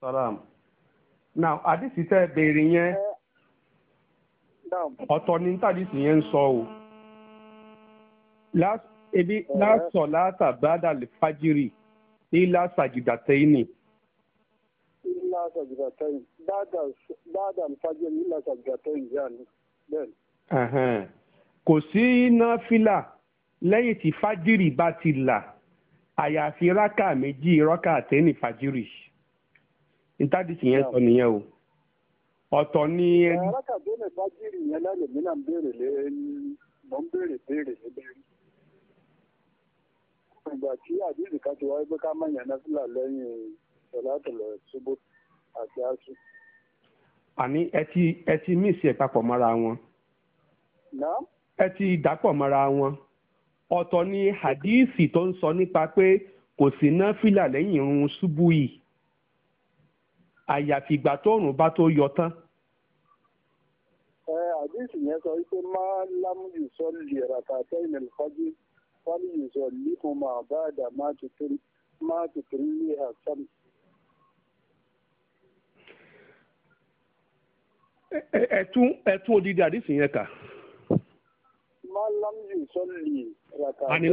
salam now àdìsí tẹ béèrè yẹn eh, ọ̀tọ̀ ni tàdìsí yẹn ń sọ o ebi eh. lásọ látà bàdà lè fájìrì ilá sàjìdàtẹ́yìnì. ilá sàjìdàtẹ́yìn bàdà fájìrì ilá sàjìdàtẹ́yìn yá ni bẹ́ẹ̀. kò sí náfìlà lẹ́yìn tí fájìrì bá ti là àyàfi rákà méjì rákà tẹ́ni fájìrì ntádìsí yẹn sọ nìyẹn o ọ̀tọ̀ ni. alákàbẹ̀rẹ̀ fájírì yẹn lálẹ́ mi náà ń béèrè lé mọ̀ ń béèrè béèrè lébẹ́rẹ́. ìgbà tí àdéhùn kan ti wáyé pé ká má yànnà fúlà lẹ́yìn ìṣọ̀látọ̀lọ̀ ṣubú àti aṣù. àní ẹ ti ẹ ti míìsì ẹ̀ papọ̀ mọ́ra wọn. náà. ẹ ti dàpọ̀ mọ́ra wọn. ọ̀tọ̀ ni hadíìsì tó ń sọ nípa pé kò sí náà fìlà lẹ́yìn irun ṣubú yìí àyàfi ìgbà tóòrùn bá tó yọ tán. ẹ àdéhùn yẹn sọ wípé máa lámúyù sọ lè ràtà tẹ́yìn ìfọ́jú fọ́lìyù sọ líkun máa bá àdá máa tuntun máa tuntun lé àṣàm. ẹ̀tún ẹ̀tún odidi àdéhùn yẹn kà. máa lámúyù sọ lè ràtà. àní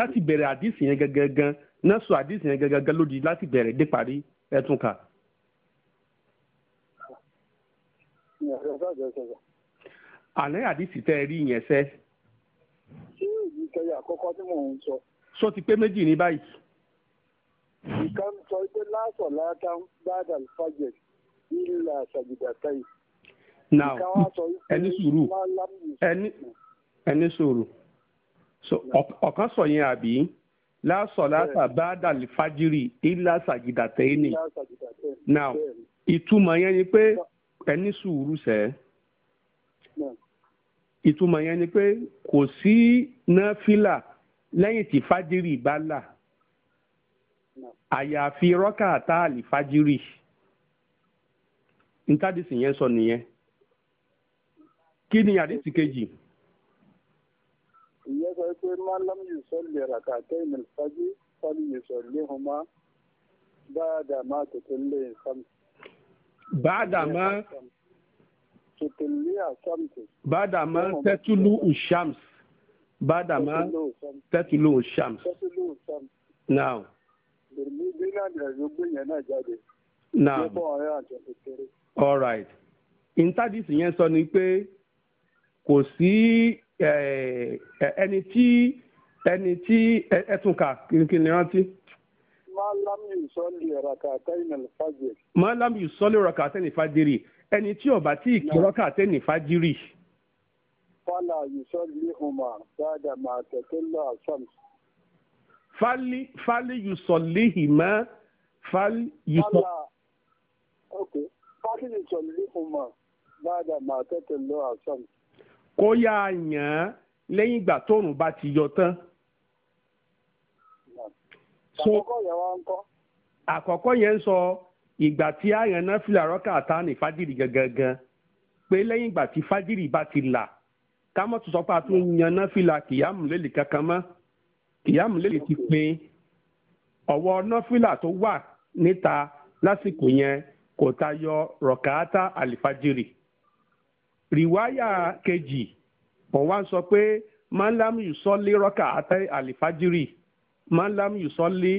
láti bẹ̀rẹ̀ àdéhùn yẹn gẹ́gẹ́ gan náà sọ àdéhùn yẹn gẹ́gẹ́ gan lódì láti bẹ̀rẹ̀ dé parí ẹ̀tún kà. àlẹ́ àdìsí tẹ́ ẹ rí yẹn sẹ́. ṣé ìkẹyà àkọ́kọ́ tí mò ń sọ. sọ ti pé méjì ní báyìí. ìkan sọ pé láàṣọ láàkà ń gbádà fàjẹ ìlà ṣàjìdà táyì. now ẹni sùúrù ẹni ẹni sùúrù ọ̀kan sọ yẹn àbí láàṣọ láàṣà gbádà fàjìrì ìlà ṣàjìdà táyì ni now ìtumọ̀ yẹn ni pé. No ẹ ní sùúrù sẹ́ ìtumọ̀ yẹn ni pé kò sí náfìlà lẹ́yìn tí fájírì bá là àyàfi rọ́kà táàlì fájírì ntádìsì yẹn sọ nìyẹn kí ni àdìsì kejì. ìyẹn sọ pé malam yusuf lè rà kàkẹ́ ìmọ̀lẹ́fájú fọ́lì yusuf lè hùmá bá a dà má tètè lè sàmì bàdàmà bàdàmà tẹ́tùlù ṣàms bàdàmà tẹ́tùlù ṣàms now. now all right intadisi yẹn sọ ni pé kò sí eh, eh, ẹni tí ẹni tí ẹtùnkà kìnìkìnì rántí malam yusọ́lì rakatayn al-fajr. malam yusọ́lì rakatayn al-fajiri ẹni tí ó bá tí ì kí rakatayn al-fajiri. fala yusọ́lì huma bada ma tatalla shams. fali fali yusọ́lì hima fali yusọ́. ok fali yusọ́lì huma bada ma tatalla shams. kó yáa yàn án lẹ́yìn ìgbà tóòrùn bá ti yọ tán sún àkọ́kọ́ yẹn ń sọ ìgbà tí àyàn náà fìlà rọ́kà tá ní fadiri gangan pé lẹ́yìn ìgbà tí fájìrì bá ti là ká mọ̀ tó sọ pé a tún yan náà fìlà kìyàmù lélẹ̀ kankan mọ́ kìyàmù lélẹ̀ ti pin ọ̀wọ́ náà fìlà tó wà níta lásìkò yẹn kò tayọ rọ̀kàátà àlìfájìrì rìwáyà kejì wọ́n wá ń sọ pé máńlámù yìí sọ lé malam yusọ́lé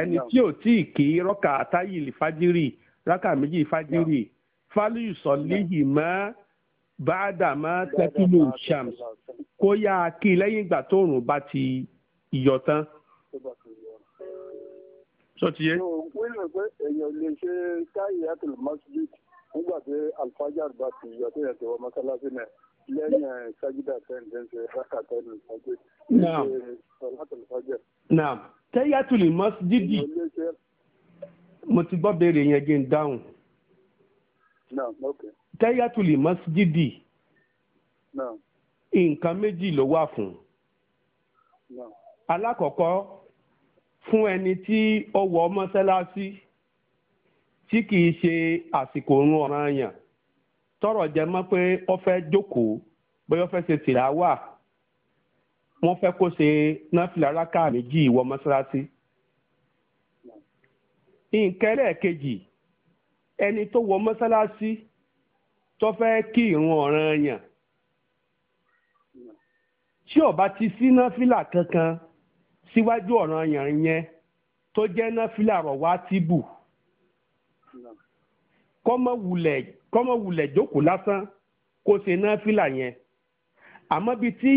ẹni tí ò tí ì kí rọ́kà àtàyèlè fájírì rákà méjì fájírì fálù yusọ́lé yìí mọ́ bàdàmọ́ tẹ́kílù shams kó yá a kí lẹ́yìn ìgbà tóòrùn bá ti yọ tán. sọtiyé. wíwọ̀n pé èèyàn lè ṣe káyì àtìlù masjid nígbà tí alfajar bá ti yọ tó yẹ ti wọ mọ́sálásí náà lẹ́yìn eh, sájídà tẹ́ǹtẹ́ǹtẹ́ rákà tẹ́ǹtẹ́ naam tẹ́yàtùlì mọ́sídìdì mo ti gbọ́ béèrè yẹn gé ń dáhùn. tẹ́yàtùlì mọ́sídìdì nǹkan méjì ló wà fún. alákọ̀ọ́kọ́ fún ẹni tí ó wọ mọ́sálásí tí kìí ṣe àsìkò òun ọ̀ranyàn tọrọ jẹ mọ́ pé ó fẹ́ jókòó bóyá ó fẹ́ ṣe tìlàwà wọ́n fẹ́ kó ṣe náfìlà rákà méjì ìwọ mọ́ṣáláṣí. nǹkan ẹlẹ́ẹ̀kejì ẹni tó wọ mọ́ṣáláṣí tó fẹ́ kí ìrun ọ̀ràn yàn tí ó bá ti sí náfìlà kankan síwájú ọ̀ràn yàn yẹn tó jẹ́ náfìlà rọ̀ wá tìbù kọ́mọ wulẹ̀ kọ́mọ wulẹ̀ jókòó lásán kó ṣe náfìlà yẹn àmọ́ bíi tí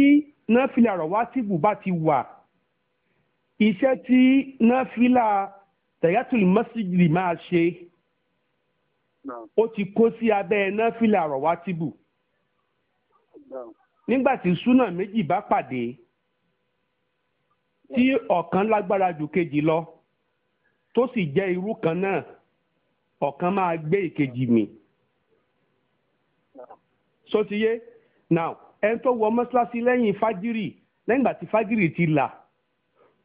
náfìlà rọ̀wátìbù bá ti wà iṣẹ́ tí náfìlà tẹ̀yàtùlì mọ́sídìrì máa ṣe ó ti kó sí abẹ́ náfìlà rọ̀wátìbù nígbà tí súnà méjì bá pàdé tí ọ̀kan lágbára jù kejì lọ tó sì jẹ́ irú kan náà ọ̀kan máa gbé ìkejì mì. sotiye now ẹni tó wọ mọ́ṣáláṣí lẹ́yìn fájírì lẹ́yìn ìgbà tí fájírì ti là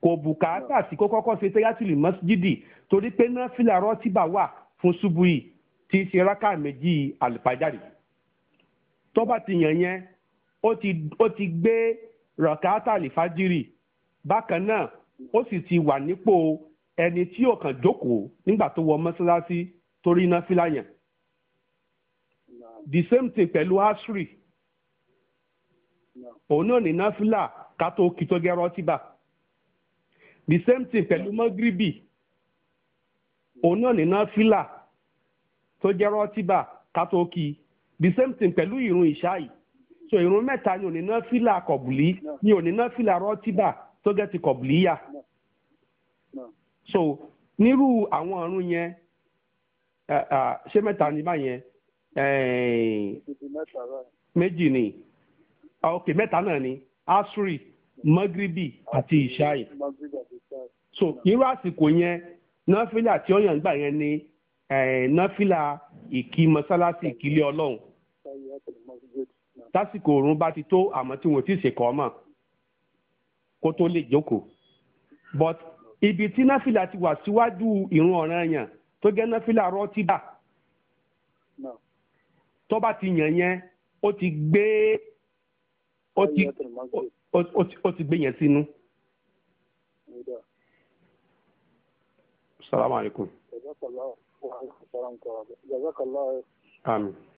kò bùkátà sí kó kọ́kọ́ ṣe tẹ́yàtìlì mọ́síjìdì torí pé náfìlà rọ́tíbà wà fún ṣubú yìí tí í ṣe rákà méjì àlùfájàrì tó bá ti yàn yẹn ó ti gbé rọ̀kátà àlùfájìrì bákan náà ó sì ti wà nípò ẹni tí ò kàn jókòó nígbà tó wọ mọ́ṣáláṣí torí náfìlà yẹn the same thing pẹ̀lú asri òun náà ní náfìlà ká tó kí tó gẹ́rọ́ tíbà the same thing pẹ̀lú mọ́gíríbì òun náà ní náfìlà tó gẹ́rọ́ tíbà ká tó kí the same thing pẹ̀lú ìrun ìṣáì so ìrun mẹ́ta ni òní náfìlà kọ̀bùlí ni òní náfìlà rọ́tíbà tó gẹ́ ti kọ̀bùlíyà so nírú àwọn ọ̀run yẹn ṣé mẹ́ta ní báyẹn méjì ni. Ah, ok mẹ́ta náà ni asri magribi àti ishai so irú àsìkò yẹn nọ́fìlà tí ó yàn gbà yẹn ni eh, nọ́fìlà ìkí mọ́sálásí ìkílé ọlọ́run tásìkò òrùn bá ti tó àmọ́ tí wọ́n ti ṣèkọ́ ọmọ kó tó lè jókòó but ibi tí náfìlà ti wà síwájú ìrun ọ̀ranyàn tó jẹ́ náfìlà rọ́tíbà tó bá ti yàn yẹn ó ti gbé ó ti ó ti gbé yẹn sínú. salaam aleykum. jazakallah